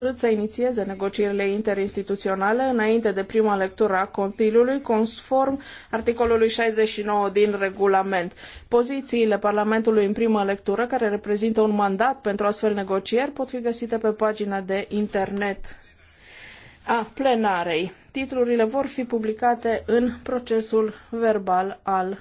hotărât să inițieze negocierile interinstituționale înainte de prima lectură a Consiliului, conform articolului 69 din regulament. Pozițiile Parlamentului în prima lectură, care reprezintă un mandat pentru astfel negocieri, pot fi găsite pe pagina de internet a plenarei. Titlurile vor fi publicate în procesul verbal al